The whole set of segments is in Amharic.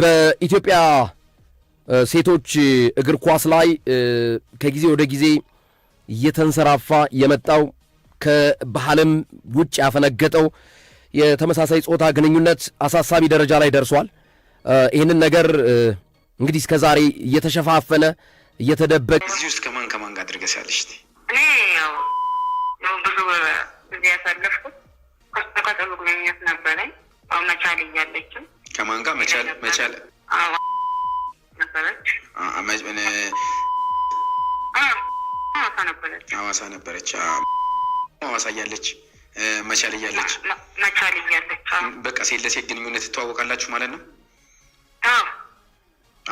በኢትዮጵያ ሴቶች እግር ኳስ ላይ ከጊዜ ወደ ጊዜ እየተንሰራፋ የመጣው ከባህልም ውጭ ያፈነገጠው የተመሳሳይ ጾታ ግንኙነት አሳሳቢ ደረጃ ላይ ደርሷል። ይህንን ነገር እንግዲህ እስከ ዛሬ እየተሸፋፈነ እየተደበቀ እዚህ ውስጥ ከማን ከማን ጋር አድርገሽ ያለሽ? እኔ ያው ብዙ ጊዜ ያሳለፍኩት ከጠሉ ግንኙነት ነበረኝ። መቻል እያለችም ከማን ጋር መቻል መቻል ነበረች ሐዋሳ ነበረች ሐዋሳ እያለች መቻል እያለች መቻል እያለች በቃ ሴት ለሴት ግንኙነት ትተዋወቃላችሁ ማለት ነው።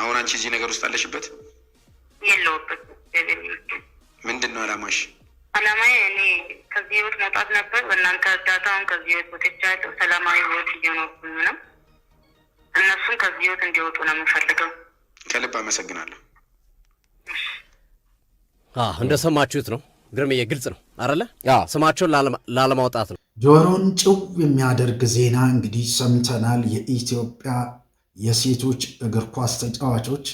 አሁን አንቺ እዚህ ነገር ውስጥ አለሽበት የለውበት። ምንድን ነው አላማሽ? አላማዬ እኔ ከዚህ ህይወት መውጣት ነበር። በእናንተ እርዳታ አሁን ከዚህ ህይወት ወጥቻለሁ። ሰላማዊ ህይወት እየኖርኩኝ ነው። ህይወት እንዲወጡ ነው የምንፈልገው። ከልብ አመሰግናለሁ። እንደሰማችሁት ነው ግርምዬ፣ ግልጽ ነው አረለ ስማቸውን ላለማውጣት ነው። ጆሮን ጭው የሚያደርግ ዜና እንግዲህ ሰምተናል። የኢትዮጵያ የሴቶች እግር ኳስ ተጫዋቾች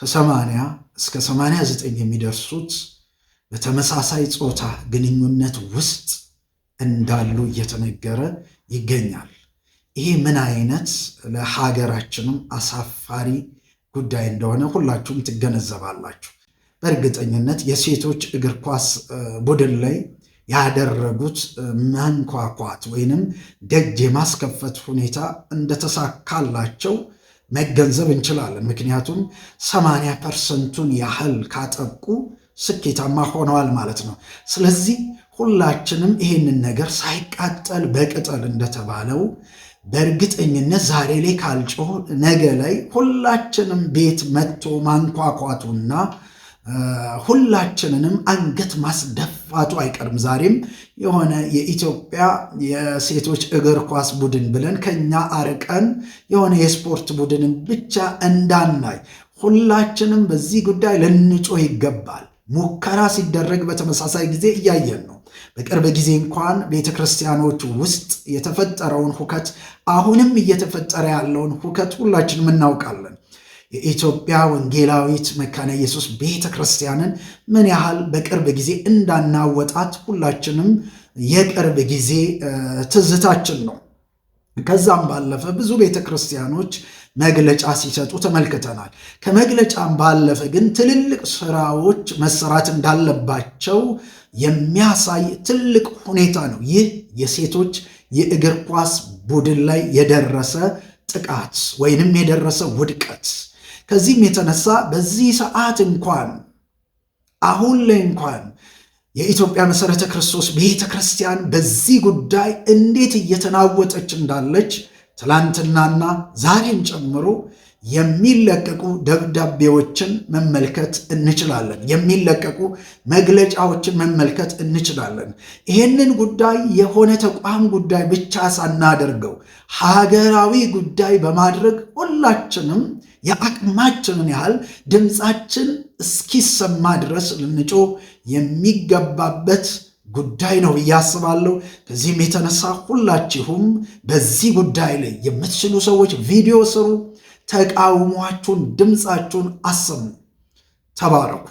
ከ80 እስከ 89 የሚደርሱት በተመሳሳይ ጾታ ግንኙነት ውስጥ እንዳሉ እየተነገረ ይገኛል። ይሄ ምን አይነት ለሀገራችንም አሳፋሪ ጉዳይ እንደሆነ ሁላችሁም ትገነዘባላችሁ። በእርግጠኝነት የሴቶች እግር ኳስ ቡድን ላይ ያደረጉት መንኳኳት ወይንም ደጅ የማስከፈት ሁኔታ እንደተሳካላቸው መገንዘብ እንችላለን። ምክንያቱም ሰማንያ ፐርሰንቱን ያህል ካጠቁ ስኬታማ ሆነዋል ማለት ነው። ስለዚህ ሁላችንም ይህንን ነገር ሳይቃጠል በቅጠል እንደተባለው በእርግጠኝነት ዛሬ ላይ ካልጮህ ነገ ላይ ሁላችንም ቤት መጥቶ ማንኳኳቱና ሁላችንንም አንገት ማስደፋቱ አይቀርም። ዛሬም የሆነ የኢትዮጵያ የሴቶች እግር ኳስ ቡድን ብለን ከኛ አርቀን የሆነ የስፖርት ቡድንን ብቻ እንዳናይ ሁላችንም በዚህ ጉዳይ ልንጮህ ይገባል። ሙከራ ሲደረግ በተመሳሳይ ጊዜ እያየን ነው። በቅርብ ጊዜ እንኳን ቤተ ክርስቲያኖች ውስጥ የተፈጠረውን ሁከት፣ አሁንም እየተፈጠረ ያለውን ሁከት ሁላችንም እናውቃለን። የኢትዮጵያ ወንጌላዊት መካነ ኢየሱስ ቤተ ክርስቲያንን ምን ያህል በቅርብ ጊዜ እንዳናወጣት ሁላችንም የቅርብ ጊዜ ትዝታችን ነው። ከዛም ባለፈ ብዙ ቤተ ክርስቲያኖች መግለጫ ሲሰጡ ተመልክተናል። ከመግለጫም ባለፈ ግን ትልልቅ ስራዎች መሰራት እንዳለባቸው የሚያሳይ ትልቅ ሁኔታ ነው። ይህ የሴቶች የእግር ኳስ ቡድን ላይ የደረሰ ጥቃት ወይንም የደረሰ ውድቀት። ከዚህም የተነሳ በዚህ ሰዓት እንኳን አሁን ላይ እንኳን የኢትዮጵያ መሠረተ ክርስቶስ ቤተ ክርስቲያን በዚህ ጉዳይ እንዴት እየተናወጠች እንዳለች ትላንትናና ዛሬን ጨምሮ የሚለቀቁ ደብዳቤዎችን መመልከት እንችላለን። የሚለቀቁ መግለጫዎችን መመልከት እንችላለን። ይህንን ጉዳይ የሆነ ተቋም ጉዳይ ብቻ ሳናደርገው ሀገራዊ ጉዳይ በማድረግ ሁላችንም የአቅማችንን ያህል ድምፃችን እስኪሰማ ድረስ ልንጮህ የሚገባበት ጉዳይ ነው ብዬ አስባለሁ። ከዚህም የተነሳ ሁላችሁም በዚህ ጉዳይ ላይ የምትችሉ ሰዎች ቪዲዮ ስሩ፣ ተቃውሟችሁን ድምፃችሁን አሰሙ። ተባረኩ።